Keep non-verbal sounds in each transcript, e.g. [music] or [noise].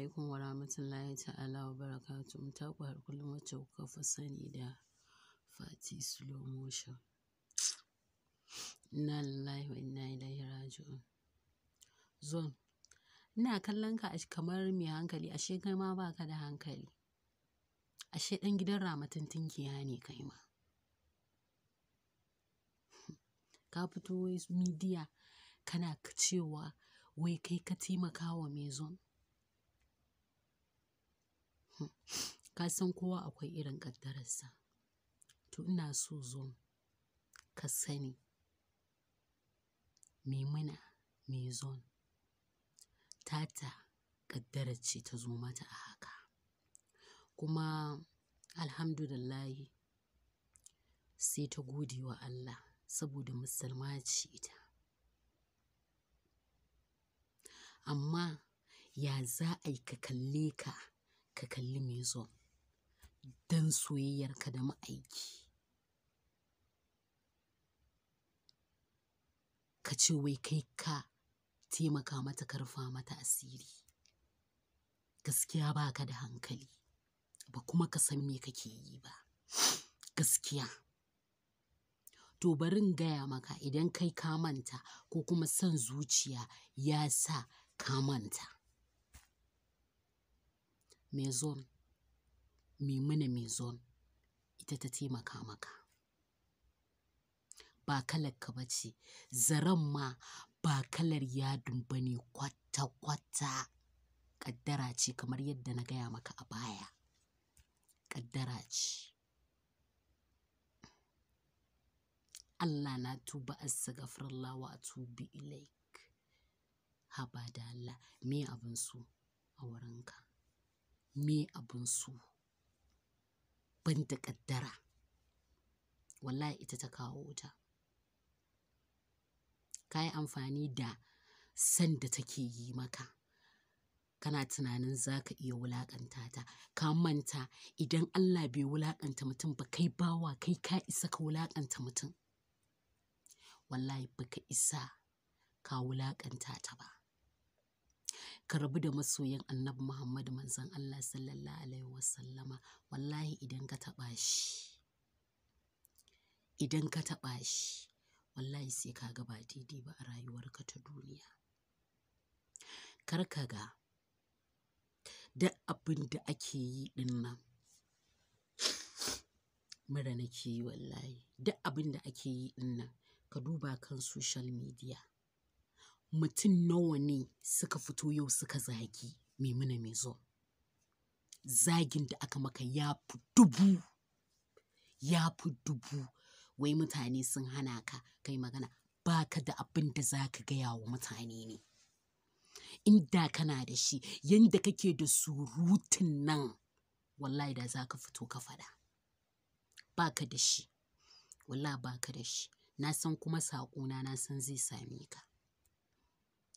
alaikum wa rahmatullahi ta'ala wa mu ta ku kullum wacce kuka fi sani da Fati Slow Motion. Inna lillahi wa inna ilaihi raji'un. Zon, ina kallon ka kamar mai hankali ashe kai ma baka da hankali. Ashe ɗan gidan ramatantin kiya ne kai ma. [laughs] Ka fito wai midiya kana cewa wai kai ka taimaka wa mai zon. Ka san kowa akwai irin ƙaddararsa. To ina so zo ka sani Maimuna ta tata ƙaddarar ce ta zo mata a haka. Kuma Alhamdulillahi sai ta gode wa Allah saboda musulma ce ita. Amma ya za ai ka kalle ka ka kalli mai zuwa don ka da ma'aiki. Ka ce wai kai ka taimaka mata karfa mata asiri. Gaskiya ba ka da hankali, ba kuma ka san me kake yi ba. Gaskiya. To barin gaya maka idan kai ka manta ko kuma son zuciya ya sa ka manta. Maison, Maimuna Maison ita ta taimaka maka. Ba kalar ka bace zaren ma ba kalar yadin ba ne kwata-kwata. Ƙaddara ce kamar yadda na gaya maka a baya. Ƙaddara ce. Allah na tuba astaghfirullah wa tubi ilaik. Haba da Allah, me abin su a wurinka? me abun su ban da ƙaddara wallahi ita ta kawo wuta ka yi amfani da san da take yi maka kana tunanin za ka iya wulaƙanta ta ka manta idan allah bai wulaƙanta mutum ba kai bawa kai ka isa ka wulaƙanta mutum wallahi baka isa ka wulaƙanta ta ba ka rabu da masoyan annabi Muhammadu manzon Allah sallallahu alaihi wasallama wallahi idan ka taɓa shi idan ka taɓa shi wallahi sai ka ga ba daidai ba a rayuwarka ta duniya kar ka ga duk abin da ake yi din nan mara nake yi wallahi duk abin da ake yi din nan ka duba kan social media mutum nawa ne suka fito yau suka zagi mai zo Zagin da aka maka ya fi dubu, ya fi dubu, wai mutane sun hana ka kai magana, ba ka da abin da za ka gaya wa mutane ne. Inda kana da shi, yadda kake da surutun nan, wallahi da za ka fito ka faɗa. Ba ka da shi, wallahi ba ka da shi, na san kuma saƙona na san zai same ka.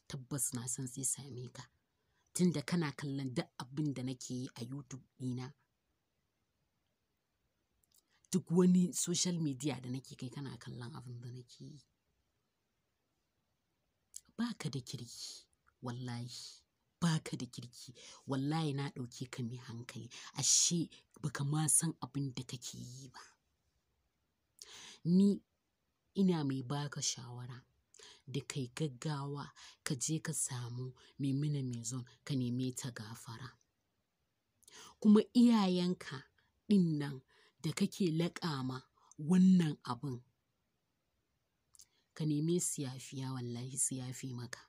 tabbas na san sai same ka tunda kana kallon duk abin da nake yi a youtube ɗina duk wani social media da nake kai kana kallon abin da nake yi ba ka da kirki wallahi ba ka da kirki wallahi na ɗauke ka mai hankali ashe baka ma san abin da kake yi ba ni ina mai baka shawara da kai gaggawa ka je ka samu mai zon ka neme ta gafara kuma iyayenka ɗin nan da kake laƙama wannan abin ka neme su wallahi su maka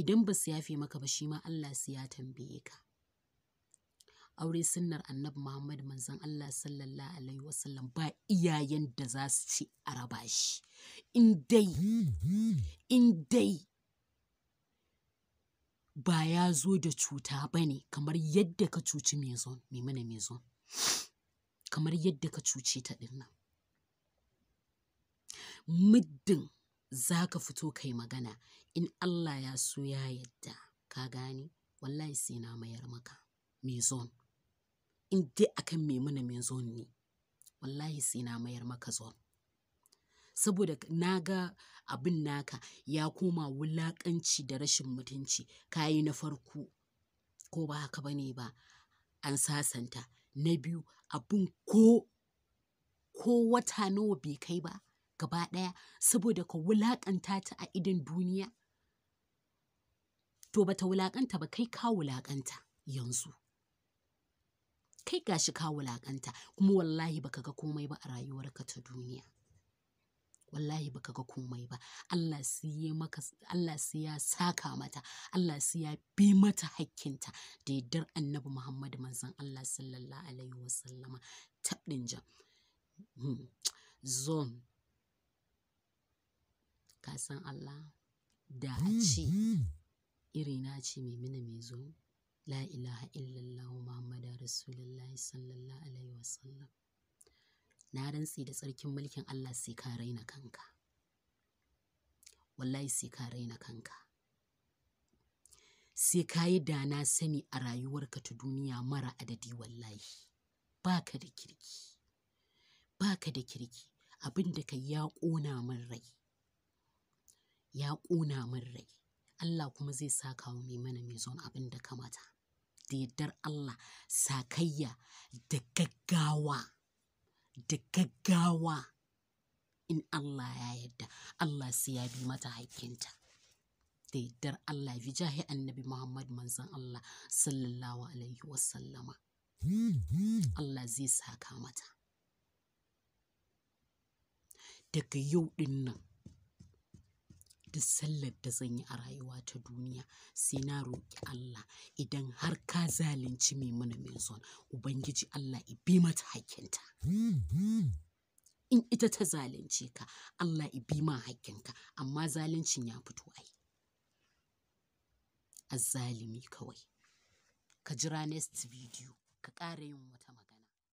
idan ba su maka ba shi ma Allah su ya tambaye ka aure sunnar annabi Muhammad manzon Allah sallallahu alaihi wasallam ba iyayen da za su ci a raba shi in dai dai ba ya zo da cuta ba ne kamar yadda ka cuci mezon mezon kamar yadda ka cuce ta ɗin nan muddin za ka fito kai magana in Allah ya so ya yadda ka gane wallahi sai na mayar maka mezon in dai akan maimuna mezon ne wallahi sai na mayar maka zon saboda na ga abin naka ya koma wulaƙanci da rashin mutunci ka na farko ko ba haka ba ne ba an sasanta na biyu abin ko ko wata nawa bai kai ba gaba ɗaya saboda ka wulaƙanta ta a idan duniya to bata wulaƙanta ba kai ka wulaƙanta yanzu kai gashi ka wulaƙanta kuma wallahi baka ga komai ba a rayuwarka ta duniya wallahi baka ga komai ba Allah sai ya maka Allah sai ya saka mata Allah sai ya bi mata hakkinta da yaddar Annabi Muhammad manzon Allah sallallahu alaihi wasallama tabdin jam hmm. zon ka san Allah da a hmm, ce hmm. irina ce mai mina mai zo la ilaha illallah muhammadu rasulullahi sallallahu alaihi wasallam na rantse da tsarkin mulkin Allah sai ka raina kanka wallahi sai ka raina kanka sai ka yi da na sani a rayuwarka ta duniya mara adadi wallahi baka da kirki baka da kirki abin da ka ya ƙona min rai ya ƙona min rai Allah kuma zai saka wa mai mana mai zon abin da kamata da yardar Allah sakayya da gaggawa da gaggawa in Allah ya yarda Allah sai ya bi mata haƙƙinta da yaddar Allah bi jahi annabi Muhammad manzon Allah sallallahu alaihi wa sallama Allah zai saka mata daga yau dinnan. Da sallar da zan yi a rayuwa ta duniya sai na roƙi Allah idan har ka zalunci mai mana mai son ubangiji Allah ya bi mata hakinta. in ita ta zalunce ka Allah ya bi ma hakkinka amma zaluncin ya fito ai a zalimi kawai ka jira next video ka ƙara yin wata magana